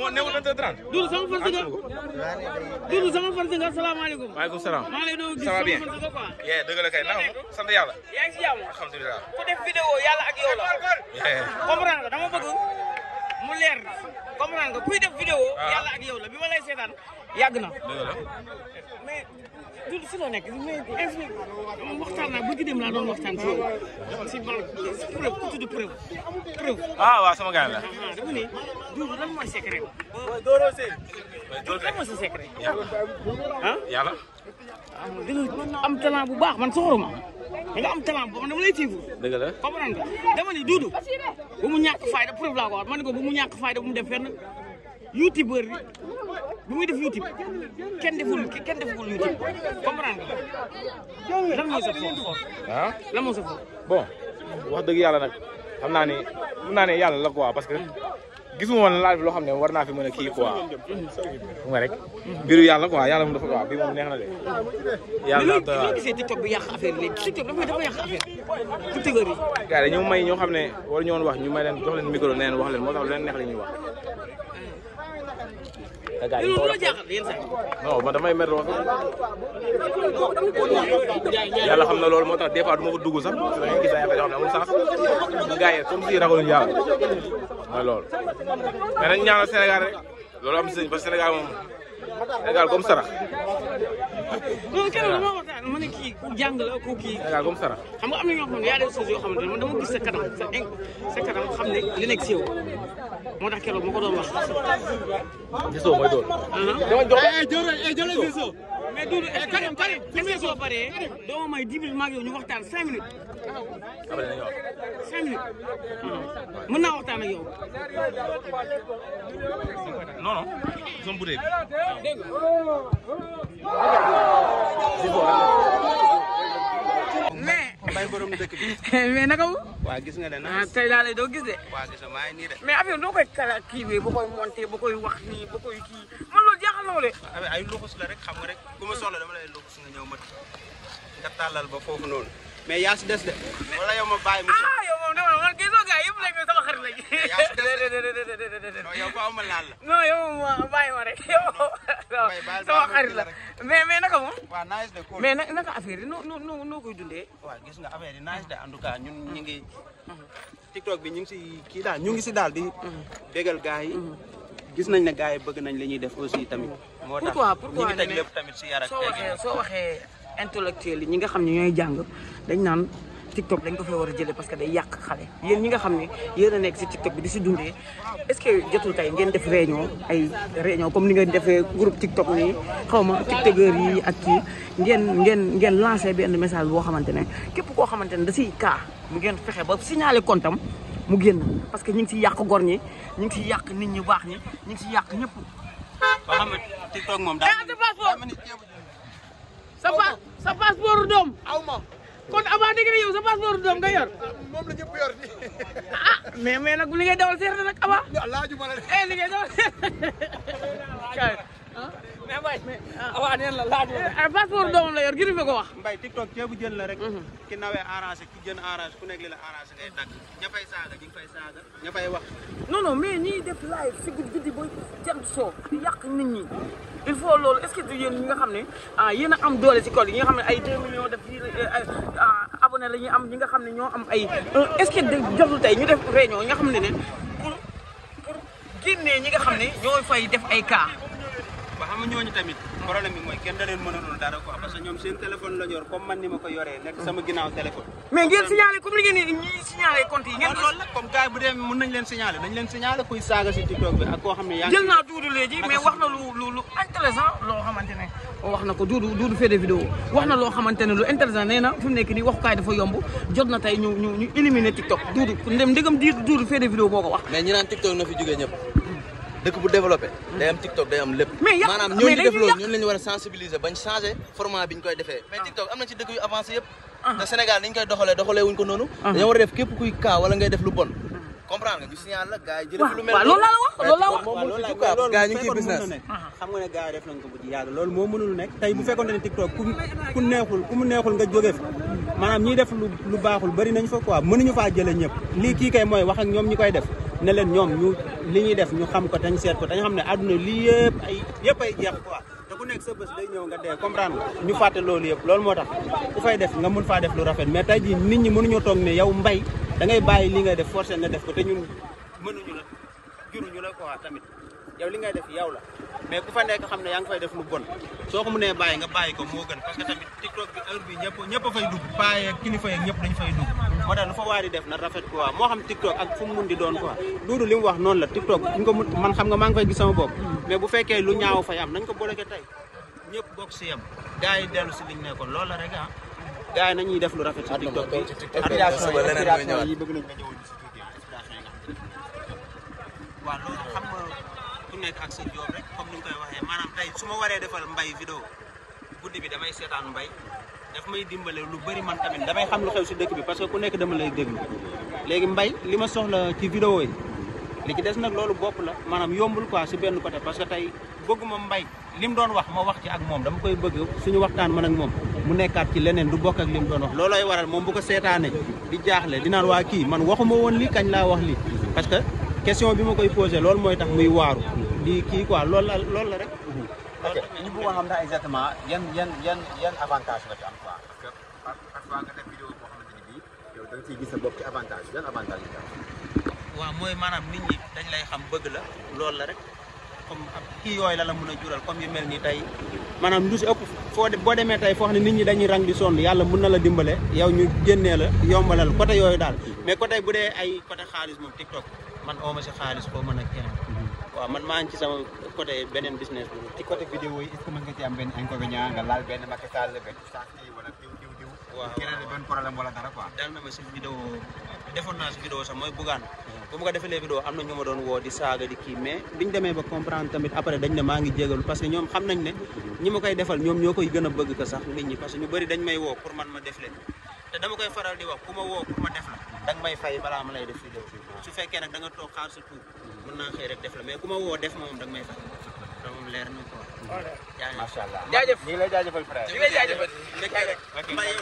moo newul vingt heures trente. Doudou sama force nga. Doudou sama force nga salaamaaleykum. waaleykum salaam. maa lay doon gis sama force nga quoi. yee dëgg la kay naka ma sant yàlla. yaa ngi si jàmm. alhamdulilah. ku def vidéo yàlla ak yow la. comprendre nga dama bëgg. mu leer na comprendre nga kuy def vidéo ah. yàlla ak yow la bi ma lay seetaan yàgg na mais du fi la nekk mais infli waxtaan naa bëgg dem laa doon waxtaan si si preuve ku tudd preuve preuve ah waaw sama gars la ah, dama ne Doudou lan mooy secret lan mooy sa secret ah? am talent bu baax man soxoruma da nga am talent boo xam ne dama lay tiifu. dëgg la comprendre nga dama ni Doudou. bu mu ñàkk fayda preuve laa ko wax ma ne ko bu mu ñàkk fayda bu mu def fenn youtubeur bi bu muy def youtube kenn deful kenn deful youtube comprendre nga lan moo sa foofu. ah lan moo sa foofu. bon wax dëgg yàlla nag xam naa ne mën naa ne yàlla la quoi parce que. gisuma a laal bi loo xam ne war naa fi mën a kii quoi fu nga rek mbiru yàlla quoi yàlla moom dafa quoi bi moom neex na de yàlla gisee TikTok bi yàq affaire léegi TikTok dafa dafa yàq may ñoo xam ne war ñoon wax ñu may leen jox leen micro wax leen moo tax lu leen neex la ñuy wax hmm. damay mer wax xam na loolu moo tax des fois du ma ko dugg sax gis a affaire yoo xam ne amul sens gars yi comme si ragaluñu yàlla mooy loolu mais nañ ñaanal Sénégal rek loolu am sëñ ba Sénégal moom Sénégal comme sarax. non keroog dama waxtaan ma ne kii jàng la ko kii. Sénégal comme sarax. xam nga am na ñoo xam ne y a des choses yoo xamante ne man dama gis sa kanam sa sa kanam xam ne li nekk si yow moo tax keroog ma ko doon wax. gisoo mooy doon. Ah. dama jox eh, eh, mais Doudou est-ce que Karim Karim est-ce que soo paree doo may dix minutes maag yow ñu waxtaan cinq minutes. cinq minutes. mën naa waxtaan ak yow. non non. zone bu dee bi. dégg mais. mbay borom dëkk bi. mais naka wu. waa gis nga de nag. ah tey laa lay doo gis de. waa gis nga maa ngi nii de. mais avion doo koy kala kii bi boo koy monté boo koy wax nii boo koy kii. ma de ah, ay luxus la rek xam nga rek bu ma soxla dama lay luxus nga ñëw mat nga tàllal ba foofu noonu mais yaa des de wala yow ma bàyyi mu ah yow moom dama man gisoo gars yëpp lañ sama xarit lañ non yow baaw ma laal la non yow ma rek yow sama xarit la mais mais naka moom waaw nice de mais naka affaire yi noo noo noo koy dundee waaw gis nga affaire nice de en ñun ñu ngi TikTok bi ñu si kii daal ñu ngi si daal di mm-hmm. bégal gars yi mm-hmm. gis nañ ne gars yi bëgg nañ li ñuy def aussi tamit. moo tax ñu ngi teg lépp tamit si yar soo waxee soo ñi nga xam ne ñooy jàng dañ naan TikTok dañ ko fee war a jëlee parce que day yàq xale yéen ñi nga xam ne yéen a nekk si TikTok bi di si dundee est-ce que jotul tey ngeen def réunion ay comme ni nga defee groupe TikTok nii xaw ma tiktokeur yi ak kii ngeen ngeen ngeen lancé benn message boo xamante ne képp koo xamante ne da siy kaa mu ngeen fexe ba signalé compte am mu génn parce que ñu ngi siy yàq gor ñi ñu ngi siy yàq nit ñu baax ñi ñu ngi siy yàq ñëpp. ba xam ne TikTok moom daal. Eh, sa pa sa passeport doom. kon avant dégg na sa passeport doom nga yor. Ah, moom la ah, mais mais nag li ngay dawal seer na nag avant. laaju ma eh, dawal seer. mais Mbaye mais ah. Ah, nee la laaj eh, eh, passeport doomam la yor ko wax. Mbaye TikTok ceebu jën la mhm. jën arrangé ku nekk li la arrangé ngay dagg ña fay saaga ñu ngi fay saaga ña fay wax. non non mais ñiy def live si guddi ba jant soo yàq nit ñi il faut loolu est-ce que du yéen ñi nga xam ne ah yéen a am doole si kaw yi nga xam ne ay 2 millions def yi ay ah, abonné am ñi nga xam ne ñoo am ay est-ce que jotul tey ñu def réunion ñi nga xam ne ne pour pour ñi nga xam ne ñoo fay def ay kaa xam nga ñooñu tamit problème bi mooy kenn da leen mënalul dara quoi parce que ñoom seen téléphone la yor man ni ma ko yoree nekk sama ginnaaw téléphone mais ngeen signalé comme li ngeen ñi signalé yi ngeen loolu la comme gars bu dee mën nañ leen signalé dañ leen signalé kuy saaga si TikTok bi ak wax na loo xamante ne wax na ko Doudou Doudou fait des wax na loo xamante ne lu intéressant nee na fi mu nekk nii waxukaay dafa yomb jot na tey ñu ñu ñu dëkk bu développé. day am TikTok day am maanaam ñooñu def loolu ñun la ñu war a sensibiliser bañ changé format bi ñu koy defee. mais ah. TikTok am na ci dëkk yu avancé yëpp. Ah. te Sénégal ni ñu ko noonu. Ah. dañoo képp kuy kaa wala ngay def lu bon. comprendre nga ñu ne gars yi def nañ ko tey bu fekkoon ne TikTok ku ku neexul ku mu maanaam ñiy def lu baaxul bari nañ fa quoi mënuñu faa jëlee ñëpp lii kii kay mooy wax ak ñoom ñi koy def ne leen ñoom ñu li ñuy def ñu xam ko dañ seet ko dañ xam ne àdduna lii yëpp ay yëpp ay jeex quoi te ku nekk sa bés day ñëw nga dee comprendre nga ñu fàtte loolu yëpp loolu moo tax ku fay def nga mun faa def lu rafet mais tey jii nit ñi mënuñoo toog ne yow mbay da ngay bàyyi li nga def forcé nga def ko te ñun mënuñu la juruñu la quoi tamit yow li ngay def yow la mais ku fa nekk xam ne yaa ngi fay def lu bon soo ko mënee bàyyi nga bàyyi ko moo gën parce que tamit tiktok bi heure ñëpp ñëpp a fay dugg paa yeeg kilifa fay dugg moo tax lu fa waari def na rafet quoi moo xam tiktok ak fu mun di doon quoi duudu li mu wax noonu la tiktok ñu ko man xam nga maa ngi fay gis sama bopp mais bu fekkee lu ñaaw fay am nañ ko bloqué tey ñëpp bokk si yem gars yi dellu si liñ nekkoon loolu la rek ah gars yi nañuy def lu rafet si tiktok bi inspiration nekk ak sa job rek comme ni nga koy waxee maanaam tey su ma waree defal mbay vidéo guddi bi damay seetaan mbay daf may dimbale lu bëri man tamit damay xam lu xew si dëkk bi parce que ku nekk dama lay déglu léegi mbay li ma soxla ci vidéo yi li ci des nag loolu bopp la maanaam yombul quoi si benn côté parce que tey bëgguma mbay li mu doon wax ma wax ci ak moom dama koy bëgg suñu waxtaan man ak moom mu nekkaat ci leneen du bokk ak li mu doon wax loolooy waral moom bu ko seetaane di jaaxle dinaan waa kii man woon lii kañ laa wax lii question bi ma koy posé loolu mooy tax muy waru di ki quoi lol la loolu la rek mhm. ok ñu bëgg xam da exactement yan yan yan yan avantage la ci am quoi parce que parfois nga def vidéo bo xamanteni bi yow da nga ci gissa bokk ci avantage yan avantage nga waaw mooy maanaam nit ñi dañ lay xam bëgg la lol la rek comme ki yoy la la mëna jural comme yu mel ni tey maanaam lu ci ëpp fo bo démé tay fo xam nit ñi dañuy rang di sonn yalla mëna la dimbalé yow ñu gënné la yombalal côté yoy dal mais côté bu dee ay côté xaaliss mom TikTok man oo ma si xaalis koo mën ak keneen. Mm-hmm. waaw man maa ngi ci sama côté beneen business bi. ci côté vidéo yi est ce que mën nga ci ma sax ma ko ma ngi jégalu parce que ñoom xam nañ ne ñi defal ñoom ñoo koy gën a bëgg ko sax nit ñi parce que ñu bëri dañ may woo pour man ma def leen te dama koy faral di wax ku ma woo ku ma def la danga may fay balaa ma lay def vidéo su fekkee nag da nga toog xaar sa tuub mën naa xëy rek def la mais ku ma woo def ma moom danga may fay loolu moom leer na ko. macha allah jaajëf ñu ngi lay jaajëfal frère ñu ngi lay jaajëfal.